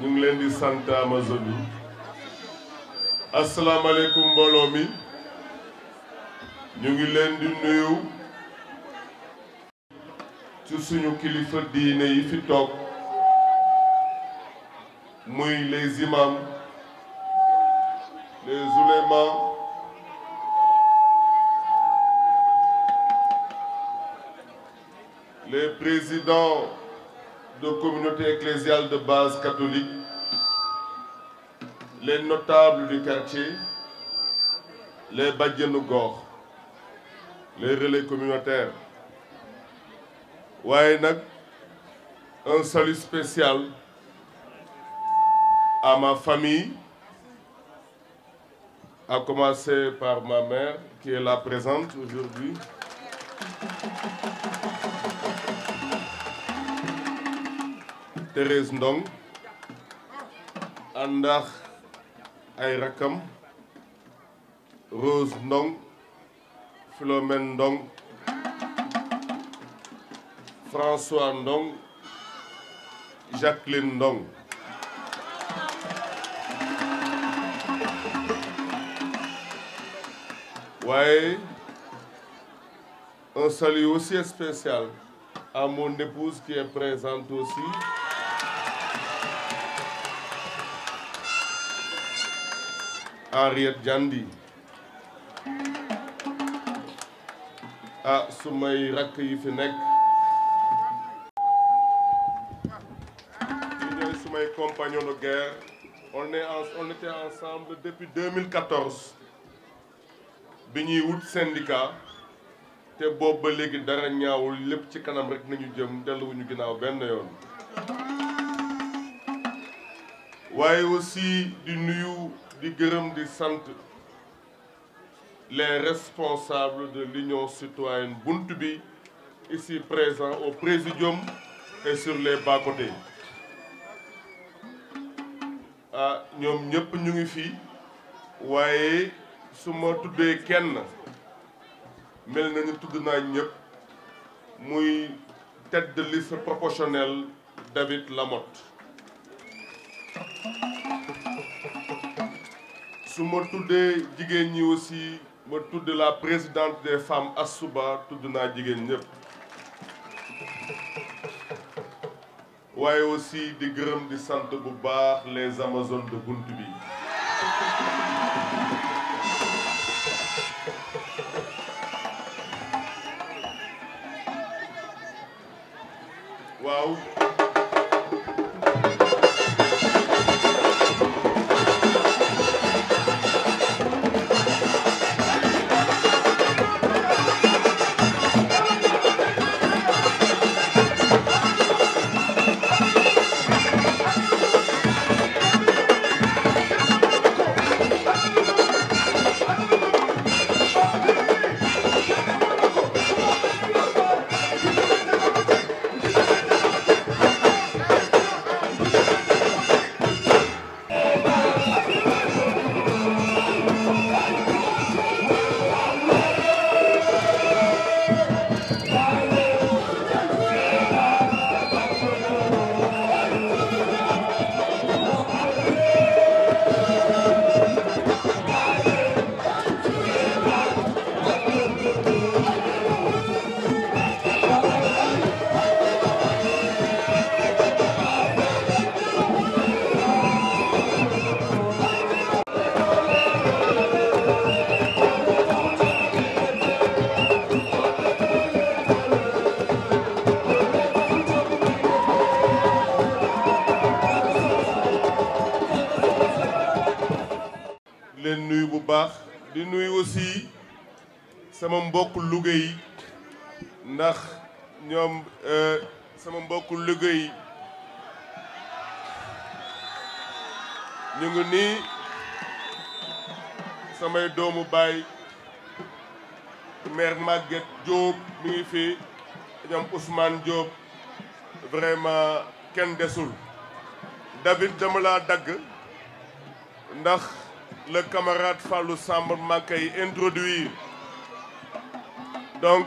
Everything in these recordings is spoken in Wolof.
ñu ngi leen di santa Amazone yi asalaamaaleykum mbooloo mi ñu ngi leen di nuyu ci suñu kilifa diine yi fi toog muy les imams les oulémas les présidents de communautés ecclésiales de base catholique, les notables du quartier, les Badjanougor, les relais communautaires. un salut spécial à ma famille à commencer par ma mère qui est là présente aujourd'hui Thérèse Ndong Andar Ayrakam, Rose Ndong Philomène Ndong François Ndong Jacqueline Ndong Oui, un salut aussi spécial à mon épouse qui est présente aussi Ariet Jandi ah sumay rak yi fi nek ñi sumay compagnon de guerre on est en on était ensemble depuis 2014 bi wut syndicat té boobu ba léegi dara ñaawul lepp ci kanam rek nañu jëm wuñu ginaaw ben yoon waye aussi di nuyu les responsables de l'union citoyenne Buntubi, ici présents au Présidium et sur les bas-côtés Nous sommes tous ñu ngi nous mais nous kenn nous Nous nous tête de liste proportionnelle David Lamotte su ma de jigéen ñi aussi ma tudd la présidente des femmes Asuba, tudd naa jigéen ñëpp waaye aussi di gërëm di Santo bu les amazones de Buntubi. bi waaw di nuyu aussi sama mbokk Louga ndax ñoom euh, sama mbokk Louga yi ñu ngi nii samay doomu baay maire Maguette Diop mi ngi fi ñoom Ousmane Diop vraiment kenn desul David dama laa dagg ndax le camarade Fallou Sambo m'a introduire donc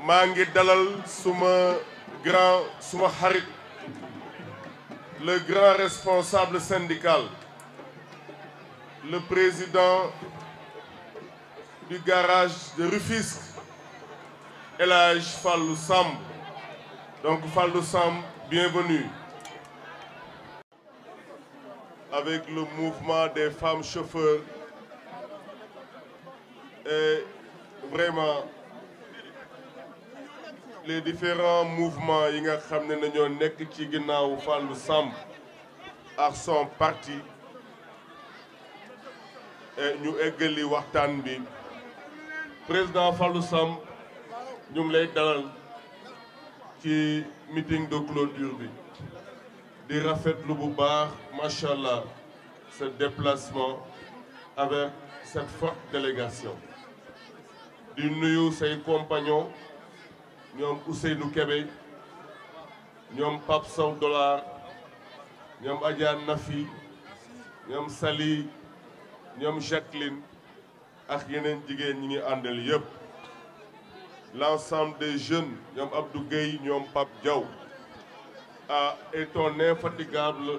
Mange dalal grand le grand responsable syndical le président du garage de Rufisque et Hadj Fallou donc Fallou bienvenue avec le mouvement des femmes chauffeurs. Et vraiment, les différents mouvements qui nga été ne nañoo nekk ci ginnaawu Fallou Samb ak son parti ñu eggali waxtaan bi président Fallou Sam, nous ngi lay dalal ci meeting de clôture bi des Rafet Machala, ce déplacement avec cette forte délégation. Du nuyu ses compagnons oussé Ousseynou Kébé sommes Pape Soudola, Dollar sommes Adja Nafi nous Sali ñoom Jacqueline ak yeneen nous ñi ngi àndal l'ensemble des jeunes nous sommes Abdou nous sommes Pape Diaw à, et ton infatigable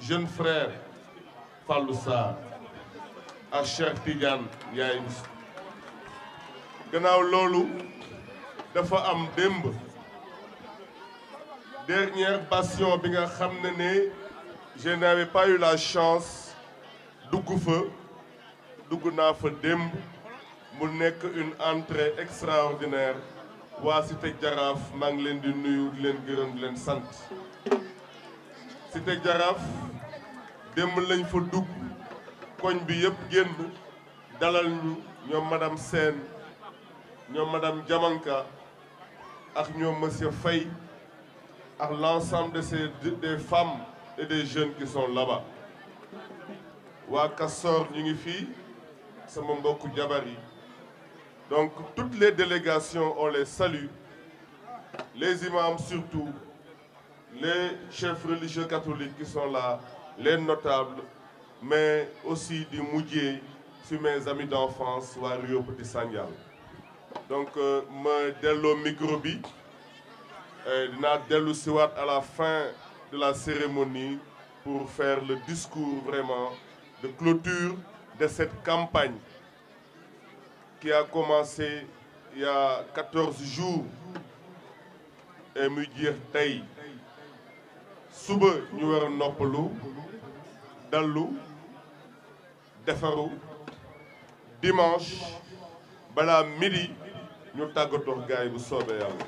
jeune frère Falloussa à ah, Cheikh Tidiane Ndiaye gannaaw loolu dafa am Dembe, dernière passion bi nga je n'avais pas eu la chance dugg fa dugg naa fa une entrée extraordinaire waa Cité Jaraf, maa du leen di nuyu di leen c'était Jaraf, démb lañ fa dugg koñ bi génn dalal ñu ñom madame Sen, madame Diamanka M. ñom monsieur Fay, l'ensemble de ces des femmes et des jeunes qui sont là-bas Wa kassor ñu ngi sama donc toutes les délégations on les salue les imams surtout les chefs religieux catholiques qui sont là, les notables, mais aussi du Moudier, sur mes amis d'enfance, Rio Petit Sanyal. Donc, je euh, dello microbi, euh, dello à la fin de la cérémonie pour faire le discours vraiment de clôture de cette campagne qui a commencé il y a 14 jours et me dire suba ñu war a noppalu dallu defaru dimanche bala midi ñu tàggatoo gaay bu soobee yalla